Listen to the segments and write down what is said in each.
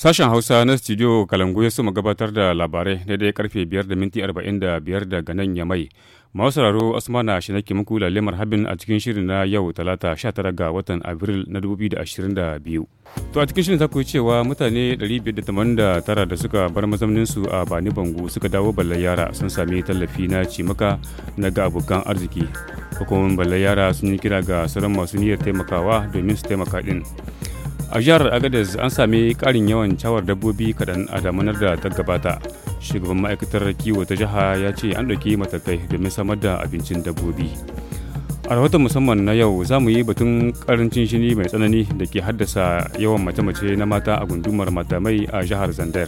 Sashen Hausa na studio Kalangu ya suma gabatar da labarai daidai karfe 5 da minti 45 daga nan ya mai. Masu sauraro Asmana shi nake muku lalimar habin a cikin shirin na yau talata 19 ga watan Abril na 2022. To a cikin shirin ta kuwa cewa mutane 589 da suka bar mazaninsu a Bani Bango suka dawo balle yara sun sami tallafi na cimaka na ga abokan arziki. Hukumomin balle yara sun yi kira ga sauran masu niyyar taimakawa domin su taimaka din. a jihar agadez an sami karin yawan cawar dabbobi kaɗan a damanar da ta gabata shugaban ma'aikatar kiwo ta jiha ya ce an ɗauki matakai domin samar da abincin dabbobi a rahoton musamman na yau za mu yi batun karancin shini mai tsanani da ke haddasa yawan mace-mace na mata a gundumar matamai a jihar zandar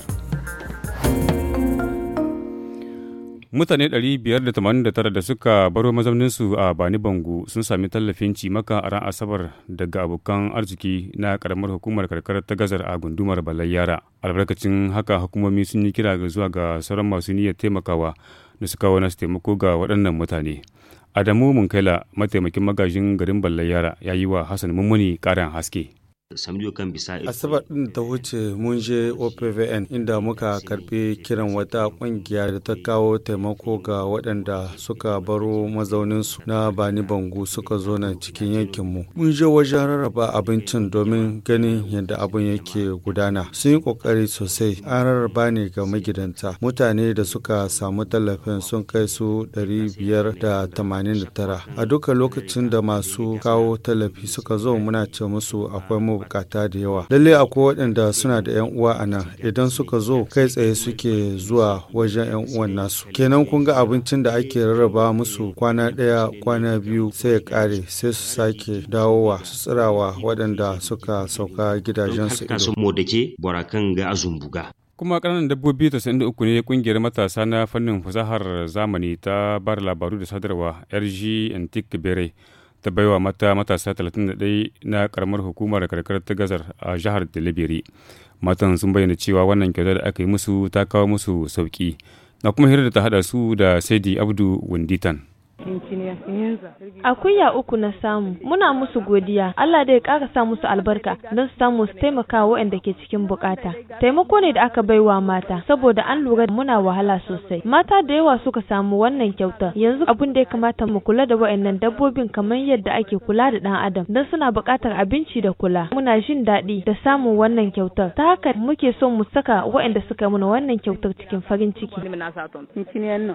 mutane 589 da suka baro mazauninsu a bani bango sun sami tallafin cimaka a ran asabar daga abokan arziki na karamar hukumar karkar ta gazar a gundumar balayyara albarkacin haka hukumomi sun yi kira zuwa ga sauran masu niyyar taimakawa da suka wani su taimako ga waɗannan mutane adamu munkaila mataimakin magajin garin balayyara ya yi wa hassan mummuni ƙarin haske asabar kan bisa asabar din ta wuce mun je opvn inda muka karbi kiran wata kungiya da ta kawo taimako ga waɗanda suka baro mazauninsu na bani bangu suka zo na cikin yankinmu mun je wajen rarraba abincin domin ganin yadda abin yake gudana sun yi kokari sosai an rarraba ne ga magidanta mutane da suka samu tallafin sun kai su 589 a duka lokacin da masu kawo tallafi suka zo muna ce musu akwai mu mabukata da yawa lalle akwai waɗanda suna da yan uwa a nan idan suka zo kai tsaye suke zuwa wajen yan uwan nasu kenan kun ga abincin da ake rarraba musu kwana ɗaya kwana biyu sai ya kare sai su sake dawowa su tsirawa waɗanda suka sauka gidajensu ido kuma ƙananan dabbobi uku ne kungiyar matasa na fannin fasahar zamani ta bar labaru da sadarwa rg antique bere ta baiwa mata matasa 31 na karamar hukumar karkar ta gazar a jihar Deliberi. Matan sun bayyana cewa wannan kyauta da aka yi musu ta kawo musu sauki. Na kuma hirar da ta hada su da Saidi Abdu wunditan. a Akuya uku na samu, muna musu godiya, Allah dai ƙara sa musu albarka don su samu su taimaka waɗanda ke cikin bukata. Taimako ne da aka baiwa mata, saboda an lura da muna wahala sosai. Mata da yawa suka samu wannan kyauta, yanzu abin da ya kamata mu kula da waɗannan dabbobin kamar yadda ake kula da ɗan adam, don suna buƙatar abinci da kula. Muna jin daɗi da samun wannan kyautar, ta haka muke so mu saka waɗanda suka mana wannan kyautar cikin farin ciki.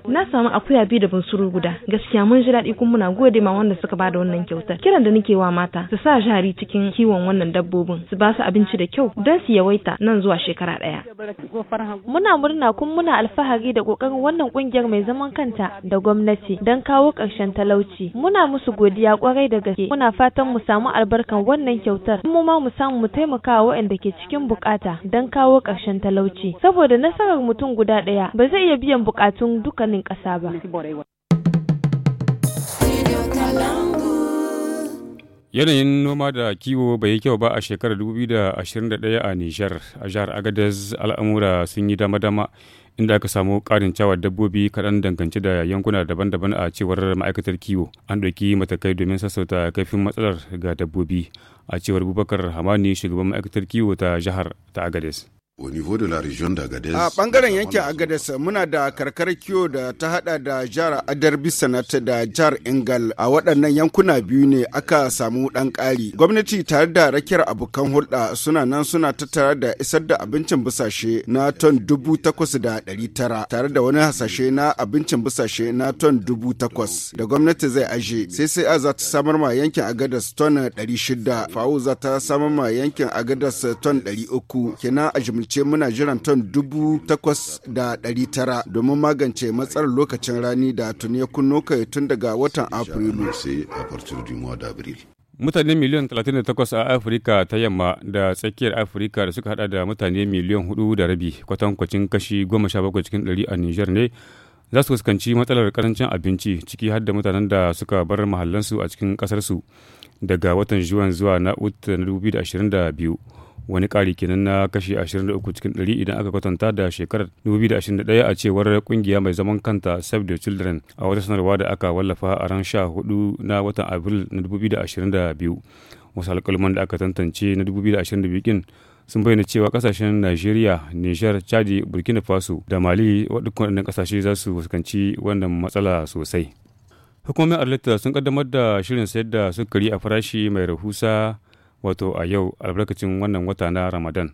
Na samu akuya biyu da bunsuru guda, gaskiya gaskiya mun ji daɗi kuma muna gode ma wanda suka bada wannan kyautar kiran da nake wa mata su sa jari cikin kiwon wannan dabbobin su ba su abinci da kyau don su yawaita nan zuwa shekara ɗaya muna murna kuma muna alfahari da kokarin wannan kungiyar mai zaman kanta da gwamnati don kawo ƙarshen talauci muna musu godiya kwarai da gaske muna fatan mu samu albarkan wannan kyautar kuma ma mu samu mu taimaka wa waɗanda ke cikin bukata don kawo ƙarshen talauci saboda nasarar mutum guda ɗaya ba zai iya biyan bukatun dukkanin ƙasa ba. Yanayin noma da kiwo bai yi kyau ba a shekarar 2021 a Nijar, a jihar Agadez al'amura sun yi dama-dama inda aka samu ƙarin cawar dabbobi kaɗan dangance da yankuna daban-daban a cewar ma'aikatar kiwo. An ɗauki matakai domin sassauta kaifin matsalar ga dabbobi a cewar Bubakar Hamani shugaban ma'aikatar kiwo ta jihar ta Agadez. A bangaren yankin Agadez muna da karkar kiwo da ta hada da jihar Adarbi Sanata da jihar Ingal a waɗannan yankuna biyu ne aka samu ɗan ƙari. Gwamnati tare da rakiyar abokan hulɗa suna nan suna tattara da isar da abincin busashe na ton dubu takwas da ɗari tara tare da wani hasashe na abincin busashe na ton dubu takwas da gwamnati zai aje. CCA za ta samar ma yankin Agadez ton ɗari shida, FAO za ta samar ma yankin Agadez ton ɗari uku, kina hukumance muna jiran ton dubu takwas da ɗari tara domin magance matsalar lokacin rani da tuni ya kunno kai tun daga watan Afrilu. mutane miliyan 38 a afirka ta yamma da tsakiyar afirka da suka hada da mutane miliyan 4 da rabi kwatankwacin kashi 17 cikin 100 a niger ne za su fuskanci matsalar karancin abinci ciki har da mutanen da suka bar mahallansu a cikin kasarsu daga watan juwan zuwa na 2022 wani ƙari kenan na kashi 23 cikin 100 idan aka kwatanta da shekarar 2021 a cewar kungiya mai zaman kanta Save the Children a wata sanarwa da aka wallafa a ran 14 na watan Abril na 2022. Wasu alƙalman da aka tantance na 2022 kin sun bayyana cewa kasashen Najeriya, Nijar, Chadi, Burkina Faso da Mali waɗannan kasashe za su fuskanci wannan matsala sosai. Hukumomin Arlita sun kaddamar da shirin sayar da sukari a farashi mai rahusa wato a yau albarkacin wannan wata na Ramadan.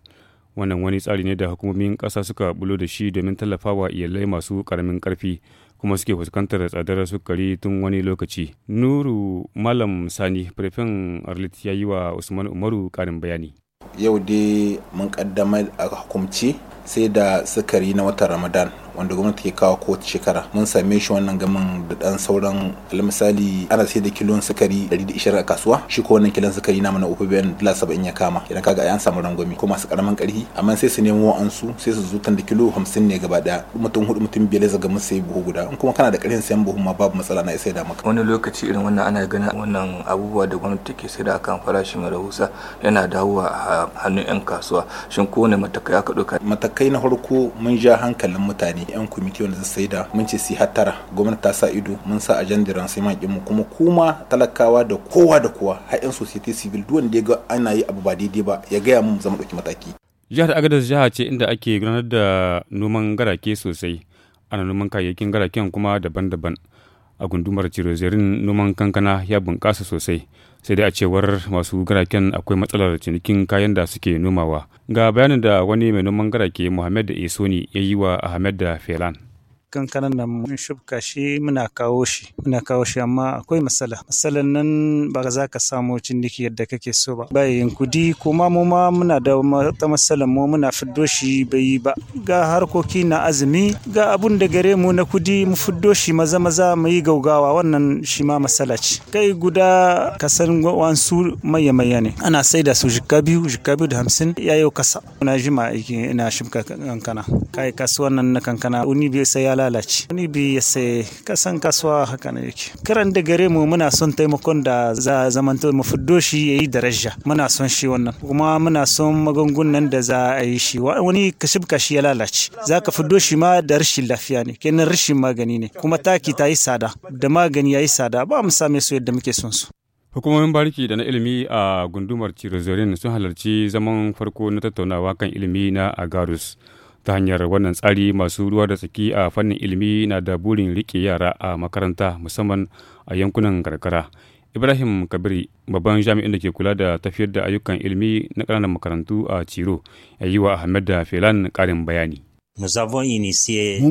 Wannan wani tsari ne da hukumomin ƙasa suka bulo da shi domin tallafawa iyalai masu ƙaramin ƙarfi kuma suke fuskantar tsadar sukari tun wani lokaci. Nuru Malam Sani, Prefen Arlit ya yi wa Usman Umaru ƙarin bayani. Yau dai mun ƙaddamar a hukumci sai da sukari na watan Ramadan wanda gwamnati ke kawo kowace shekara mun same shi wannan gamin da dan sauran misali ana sai da kilon sukari 120 a kasuwa shi ko wannan kilon sukari na mana uku biyan dala 70 ya kama idan kaga an samu rangwami ko masu karaman karfi amma sai su nemo an su sai su da kilo 50 ne gaba daya mutum hudu mutum biyar zaga mun sai buhu guda in kuma kana da karfin sayan buhu ma babu matsala na isa da maka wani lokaci irin wannan ana ganin wannan abubuwa da gwamnati take sai da akan farashi mai rahusa yana dawowa a hannun yan kasuwa shin kowane matakai aka dauka matakai na farko mun ja hankalin mutane yan kwamiti wanda zai da mun ce si hattara gwamnati ta sa ido mun sa ajandiran sai man mu kuma kuma talakawa da kowa da kowa har yan society civil duk wanda ya ga ana yi abu ba daidai ba ya gaya mun zama dauki mataki jihar agadez jiha ce inda ake gudanar da noman garake sosai ana noman kayayyakin garaken kuma daban-daban a gundumar cirozerin noman kankana ya bunƙasa sosai sai dai a cewar masu garaken akwai matsalar cinikin kayan da suke nomawa ga bayanin da wani mai noman garake muhammad da esoni ya yi wa ahmed da felan kankanan nan mun shubka shi muna kawo shi muna kawo shi amma akwai matsala matsalan nan ba za ka samu ciniki yadda kake so ba bayan kudi kuma mu ma muna da wata matsalan mu muna fiddo shi bai ba ga harkoki na azumi ga abun da gare mu na kudi mu fiddo shi maza maza mu yi gaugawa wannan shi ma matsala ce kai guda ka san wansu maye maye ne ana saida su jikka biyu jikka biyu da hamsin yayo kasa muna jima aiki ina shimka kankana kai kasuwan nan na kankana uni bai sai ya lalace wani bi ya sai kasan kasuwa haka ne yake kiran da gare mu muna son taimakon da za zamanta mu fiddo shi yayi daraja muna son shi wannan kuma muna son magungunan da za a yi shi wani kashib kashi ya lalace za ka fuddo shi ma da rashin lafiya ne kenan rashin magani ne kuma taki ta yi tsada da magani ya yi tsada ba mu same su yadda muke son su Hukumomin bariki da na ilimi a gundumar Cirozorin sun halarci zaman farko na tattaunawa kan ilimi na Agarus. ta hanyar wannan tsari masu ruwa da tsaki a fannin ilimi na da burin rike yara a makaranta musamman a yankunan karkara ibrahim kabiri babban jami'in da ke kula da tafiyar da ayyukan ilimi na ƙananan makarantu a ciro ya yi wa ahmed da felan ƙarin bayani Mun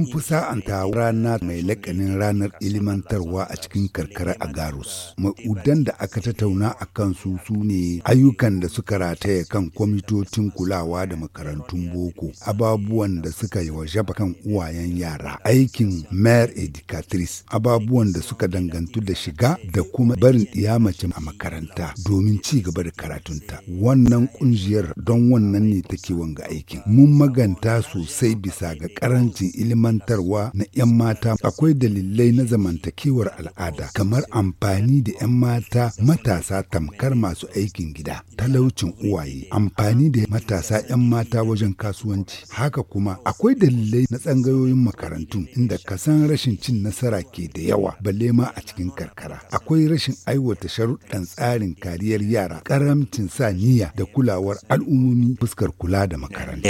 fi sa'anta rana mai lakanin ranar ilimantarwa a cikin karkara a Garus. Ma'udan da aka tattauna a kan su ne ayyukan da suka rataya kan kwamitocin kulawa da makarantun boko, ababuwan da suka yi wa kan uwayen yara, aikin mayor educatrice, ababuwan da suka dangantu da shiga da kuma barin mace a makaranta domin ci gaba da karatunta. Wannan kungiyar don wannan ne take wanga aikin. Mun maganta sosai bisa ga karancin ilmantarwa na 'yan mata akwai dalilai na zamantakewar al'ada kamar amfani da 'yan mata matasa tamkar masu aikin gida talaucin uwaye amfani da matasa 'yan mata wajen kasuwanci haka kuma akwai dalilai na tsangayoyin makarantu inda kasan rashin cin nasara ke da yawa balle ma a cikin karkara akwai rashin aiwata sharuɗan tsarin kariyar yara karamcin sa niyya da kulawar al'ummomi fuskar kula da makaranta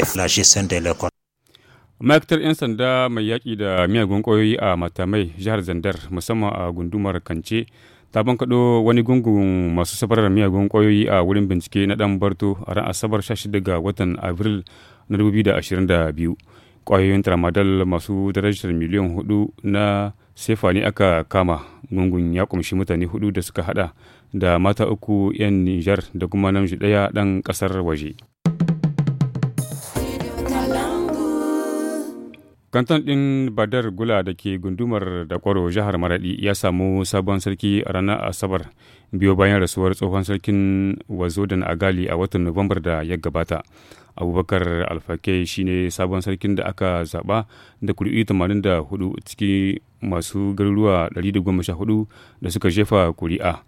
ma'aikatar 'yan sanda mai yaƙi da miyagun ƙwayoyi a matamai jihar zandar musamman a gundumar kance ta bankaɗo wani gungun masu safarar miyagun ƙwayoyi a wurin bincike na ɗan barto a ran asabar 16 ga watan abril na 2022 ƙwayoyin tramadol masu darajar miliyan hudu na sefa ne aka kama gungun ya kumshi mutane hudu da suka hada da mata uku 'yan nijar da kuma namiji ɗaya ɗan ƙasar waje. kantan ɗin badar gula da ke gundumar da kwaro jihar maraɗi ya samu sabon sarki a ranar asabar biyo bayan rasuwar tsohon sarkin wazodan agali a watan nuwambar da ya gabata abubakar alfake ne sabon sarkin da aka zaba da kuri'i 84 ciki masu garuruwa 114 da suka jefa kuri'a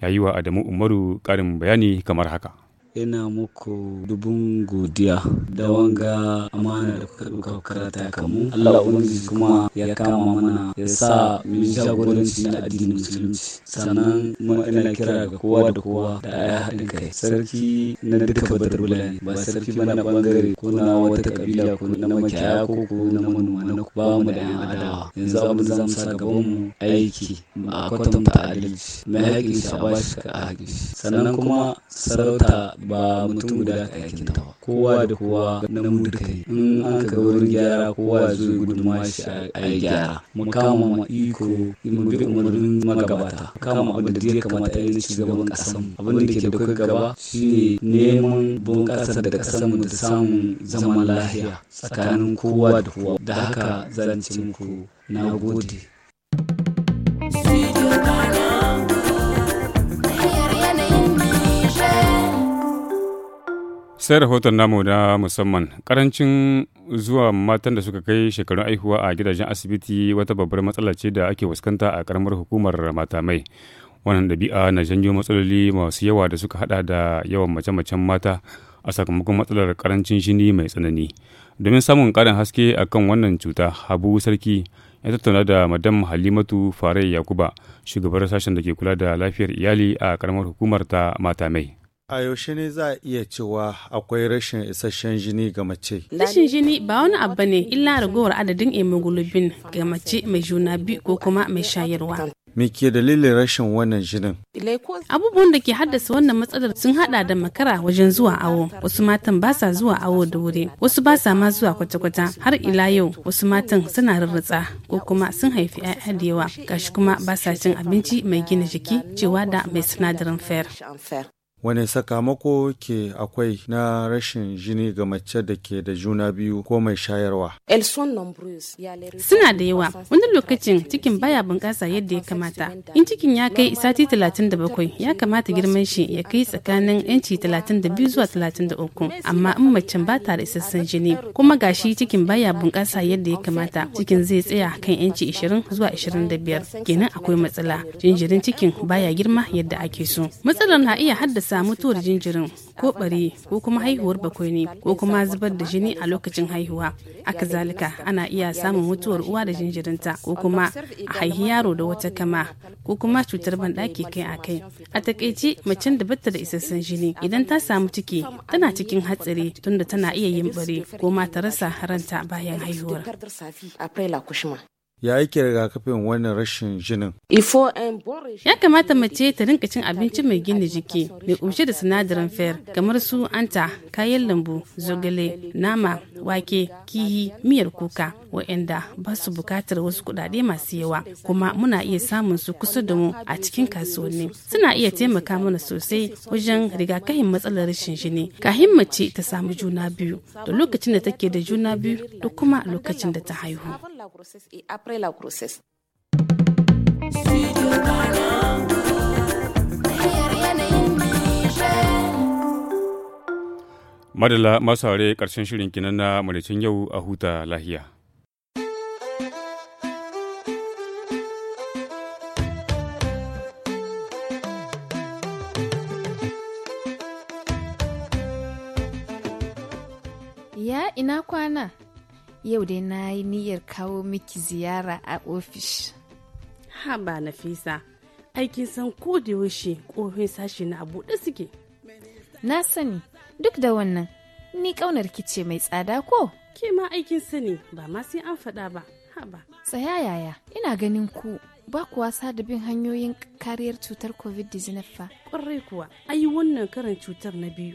ya yi wa adamu umaru ƙarin bayani kamar haka ina muku dubun godiya da wanga amana da kuka karata kamu Allah ubangiji kuma ya kama mana ya sa mu jagoranci na addinin musulunci sannan mu ina kira ga kowa da kowa da aya haɗin kai sarki na duka badarbula ne ba sarki ba na bangare ko na wata kabila ko na makiya ko ko na manoma na ba mu da yan adawa yanzu abin da zamu sa gaban mu aiki a kwatanta adalci mai haƙin shi a bashi ka a haƙin sannan kuma sarauta ba mutum guda ka aikin ta kowa da kowa na mu duka ne in an ka wurin gyara kowa zo gudunma shi a yi gyara mu kama ma iko mu bi umarnin magabata kama abin da zai kamata yin ci gaban kasan abin da ke da gaba. Shi ne neman bunƙasar da kasan mu da samun zaman lahiya. tsakanin kowa da kowa da haka zan ku muku na gode. sai rahoton namu na musamman karancin zuwa matan da suka kai shekarun aihuwa a gidajen asibiti wata babbar matsala ce da ake fuskanta a karamar hukumar matamai wannan dabi'a na janyo matsaloli masu yawa da suka hada da yawan mace-macen mata a sakamakon matsalar karancin jini mai tsanani domin samun karin haske akan wannan cuta habu sarki ya tattauna da madam halimatu farai yakuba shugabar sashen da ke kula da lafiyar iyali a karamar hukumar ta matamai A yaushe ne za a iya cewa akwai rashin isasshen jini ga mace? Rashin jini ba wani abu ne illa ragowar adadin hemoglobin ga mace mai juna biyu ko kuma mai shayarwa. Me ke dalilin rashin wannan jinin? Abubuwan da ke haddasa wannan matsalar sun hada da makara wajen zuwa awo. Wasu matan ba sa zuwa awo da wuri, wasu ba sa ma zuwa kwata-kwata. Har ila yau, wasu matan suna rarratsa ko kuma sun haifi 'ya'ya da yawa, gashi kuma ba sa cin abinci mai gina jiki cewa da mai sinadarin fer. Wane sakamako ke akwai na rashin jini ga mace da ke da juna biyu ko mai shayarwa? Suna da yawa, wani lokacin cikin baya bunƙasa yadda ya kamata. In cikin ya kai sati 37 ya kamata girman shi ya kai tsakanin yanci 32 zuwa 33, amma in macen ba ta da isassun jini, kuma gashi cikin baya bunƙasa yadda ya kamata, cikin zai tsaya kan yanci 20 zuwa 25. Kenan akwai matsala, jinjirin cikin baya girma yadda ake so. Matsalar na iya haddasa sa mutuwar jinjirin ko bari ko kuma haihuwar bakwai ne, ko kuma zubar da jini a lokacin haihuwa aka zalika ana iya samun mutuwar uwa da jinjirinta ko kuma a haihi yaro da wata kama ko kuma cutar banɗaki kai a kai a takaice macen da bata da isassun jini idan ta samu ciki tana cikin hatsari tunda tana iya yin bari ko ma ta rasa ranta bayan haihuwar ya yake rigakafin wannan rashin jinin ya kamata mace ta rinka cin abinci mai gina jiki mai kumshe da sinadarin fer kamar su anta kayan lambu zogale nama wake kihi miyar kuka waɗanda ba su bukatar wasu kuɗaɗe masu yawa kuma muna iya samun su kusa da mu a cikin kasuwanni suna iya taimaka mana sosai wajen rigakafin matsalar rashin jini kahin mace ta samu juna biyu da lokacin da take da juna biyu da kuma lokacin da ta haihu la grossesse et après la grossesse. Madalla masu haure ƙarshen shirin kinan na malicin yau a huta lahiya. Ya ina kwana? yau dai na yi niyyar kawo miki ziyara a ofis. Ha ba Nafisa, aikin san ko da yaushe ƙofin sashi na buɗe suke. Na sani, duk da wannan, ni ƙaunar ce mai tsada ko? Ke ma aikin sani ba ma sai an faɗa ba, ha Tsaya yaya, ina ganin ku ba kuwa da bin hanyoyin kariyar cutar covid-19 fa. Ƙwarai kuwa, ayi wannan karin cutar na biyu.